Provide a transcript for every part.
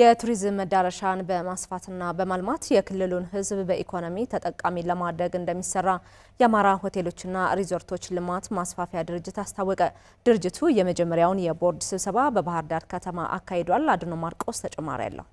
የቱሪዝም መዳረሻን በማስፋትና በማልማት የክልሉን ሕዝብ በኢኮኖሚ ተጠቃሚ ለማድረግ እንደሚሰራ የአማራ ሆቴሎችና ሪዞርቶች ልማት ማስፋፊያ ድርጅት አስታወቀ። ድርጅቱ የመጀመሪያውን የቦርድ ስብሰባ በባህር ዳር ከተማ አካሂዷል። አድኖ ማርቆስ ተጨማሪ አለው።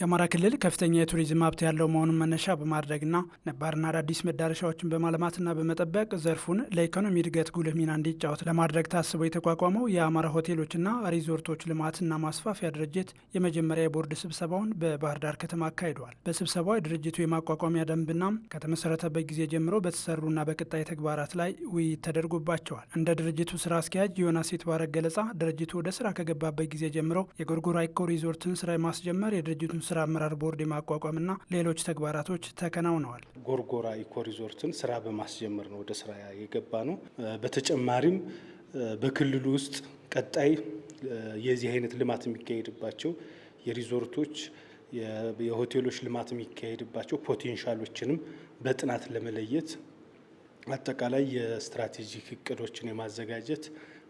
የአማራ ክልል ከፍተኛ የቱሪዝም ሀብት ያለው መሆኑን መነሻ በማድረግና ነባርና አዳዲስ መዳረሻዎችን በማልማትና በመጠበቅ ዘርፉን ለኢኮኖሚ እድገት ጉልህ ሚና እንዲጫወት ለማድረግ ታስቦ የተቋቋመው የአማራ ሆቴሎችና ሪዞርቶች ልማትና ማስፋፊያ ድርጅት የመጀመሪያ የቦርድ ስብሰባውን በባህር ዳር ከተማ አካሂደዋል። በስብሰባው የድርጅቱ የማቋቋሚያ ደንብና ከተመሰረተበት ጊዜ ጀምሮ በተሰሩና በቀጣይ ተግባራት ላይ ውይይት ተደርጎባቸዋል። እንደ ድርጅቱ ስራ አስኪያጅ ዮናስ የተባረክ ገለጻ ድርጅቱ ወደ ስራ ከገባበት ጊዜ ጀምሮ የጎርጎራ ኢኮ ሪዞርትን ስራ የማስጀመር የድርጅቱን ስራ አመራር ቦርድ የማቋቋምና ሌሎች ተግባራቶች ተከናውነዋል። ጎርጎራ ኢኮ ሪዞርትን ስራ በማስጀመር ነው ወደ ስራ የገባ ነው። በተጨማሪም በክልሉ ውስጥ ቀጣይ የዚህ አይነት ልማት የሚካሄድባቸው የሪዞርቶች የሆቴሎች ልማት የሚካሄድባቸው ፖቴንሻሎችንም በጥናት ለመለየት አጠቃላይ የስትራቴጂክ እቅዶችን የማዘጋጀት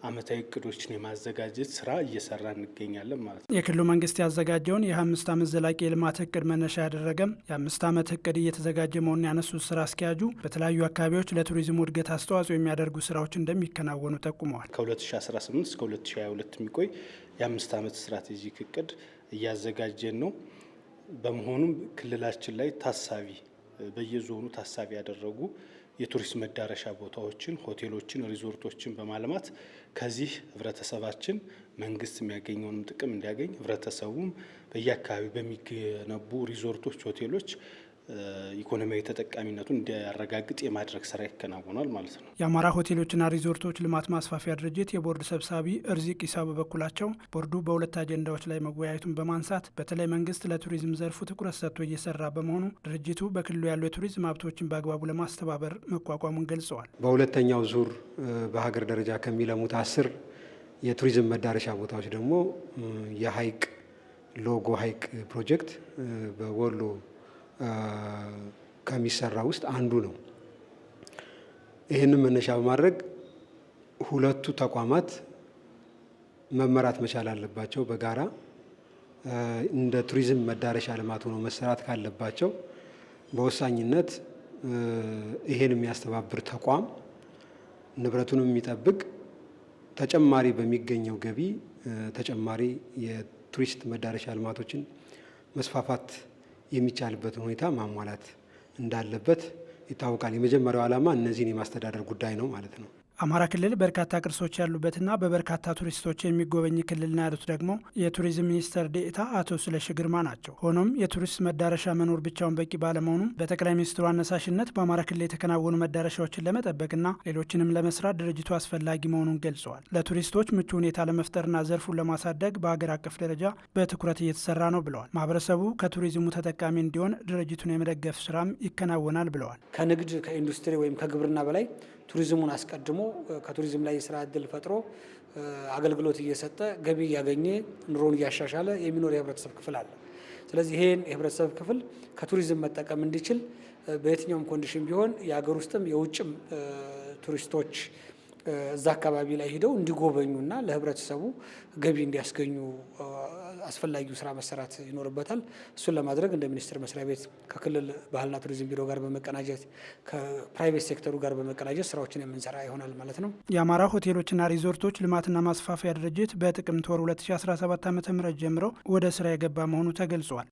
አመታዊ እቅዶችን የማዘጋጀት ስራ እየሰራ እንገኛለን ማለት ነው። የክልሉ መንግስት ያዘጋጀውን የአምስት ዓመት ዘላቂ የልማት እቅድ መነሻ ያደረገም የአምስት ዓመት እቅድ እየተዘጋጀ መሆኑን ያነሱት ስራ አስኪያጁ በተለያዩ አካባቢዎች ለቱሪዝሙ እድገት አስተዋጽኦ የሚያደርጉ ስራዎች እንደሚከናወኑ ጠቁመዋል። ከ2018 እስከ 2022 የሚቆይ የአምስት ዓመት ስትራቴጂክ እቅድ እያዘጋጀን ነው። በመሆኑም ክልላችን ላይ ታሳቢ በየዞኑ ታሳቢ ያደረጉ የቱሪስት መዳረሻ ቦታዎችን፣ ሆቴሎችን፣ ሪዞርቶችን በማልማት ከዚህ ህብረተሰባችን መንግስት የሚያገኘውንም ጥቅም እንዲያገኝ ህብረተሰቡም በየአካባቢ በሚገነቡ ሪዞርቶች፣ ሆቴሎች ኢኮኖሚያዊ ተጠቃሚነቱን እንዲያረጋግጥ የማድረግ ስራ ይከናወናል ማለት ነው። የአማራ ሆቴሎችና ሪዞርቶች ልማት ማስፋፊያ ድርጅት የቦርድ ሰብሳቢ እርዚቅ ኢሳ በበኩላቸው ቦርዱ በሁለት አጀንዳዎች ላይ መወያየቱን በማንሳት በተለይ መንግስት ለቱሪዝም ዘርፉ ትኩረት ሰጥቶ እየሰራ በመሆኑ ድርጅቱ በክልሉ ያሉ የቱሪዝም ሀብቶችን በአግባቡ ለማስተባበር መቋቋሙን ገልጸዋል። በሁለተኛው ዙር በሀገር ደረጃ ከሚለሙት አስር የቱሪዝም መዳረሻ ቦታዎች ደግሞ የሀይቅ ሎጎ ሀይቅ ፕሮጀክት በወሎ ከሚሰራ ውስጥ አንዱ ነው። ይህንን መነሻ በማድረግ ሁለቱ ተቋማት መመራት መቻል አለባቸው። በጋራ እንደ ቱሪዝም መዳረሻ ልማት ሆኖ መሰራት ካለባቸው በወሳኝነት ይሄን የሚያስተባብር ተቋም ንብረቱን የሚጠብቅ ተጨማሪ በሚገኘው ገቢ ተጨማሪ የቱሪስት መዳረሻ ልማቶችን መስፋፋት የሚቻልበትን ሁኔታ ማሟላት እንዳለበት ይታወቃል። የመጀመሪያው ዓላማ እነዚህን የማስተዳደር ጉዳይ ነው ማለት ነው። አማራ ክልል በርካታ ቅርሶች ያሉበትና በበርካታ ቱሪስቶች የሚጎበኝ ክልል ነው ያሉት ደግሞ የቱሪዝም ሚኒስትር ዴኤታ አቶ ስለሺ ግርማ ናቸው። ሆኖም የቱሪስት መዳረሻ መኖር ብቻውን በቂ ባለመሆኑም በጠቅላይ ሚኒስትሩ አነሳሽነት በአማራ ክልል የተከናወኑ መዳረሻዎችን ለመጠበቅና ሌሎችንም ለመስራት ድርጅቱ አስፈላጊ መሆኑን ገልጸዋል። ለቱሪስቶች ምቹ ሁኔታ ለመፍጠርና ዘርፉን ለማሳደግ በሀገር አቀፍ ደረጃ በትኩረት እየተሰራ ነው ብለዋል። ማህበረሰቡ ከቱሪዝሙ ተጠቃሚ እንዲሆን ድርጅቱን የመደገፍ ስራም ይከናወናል ብለዋል። ከንግድ ከኢንዱስትሪ ወይም ከግብርና በላይ ቱሪዝሙን አስቀድሞ ከቱሪዝም ላይ የስራ እድል ፈጥሮ አገልግሎት እየሰጠ ገቢ እያገኘ ኑሮን እያሻሻለ የሚኖር የህብረተሰብ ክፍል አለ። ስለዚህ ይሄን የህብረተሰብ ክፍል ከቱሪዝም መጠቀም እንዲችል በየትኛውም ኮንዲሽን ቢሆን የሀገር ውስጥም የውጭም ቱሪስቶች እዛ አካባቢ ላይ ሄደው እንዲጎበኙና ለህብረተሰቡ ገቢ እንዲያስገኙ አስፈላጊው ስራ መሰራት ይኖርበታል። እሱን ለማድረግ እንደ ሚኒስቴር መስሪያ ቤት ከክልል ባህልና ቱሪዝም ቢሮ ጋር በመቀናጀት ከፕራይቬት ሴክተሩ ጋር በመቀናጀት ስራዎችን የምንሰራ ይሆናል ማለት ነው። የአማራ ሆቴሎችና ሪዞርቶች ልማትና ማስፋፊያ ድርጅት በጥቅምት ወር 2017 ዓ ም ጀምሮ ወደ ስራ የገባ መሆኑ ተገልጿል።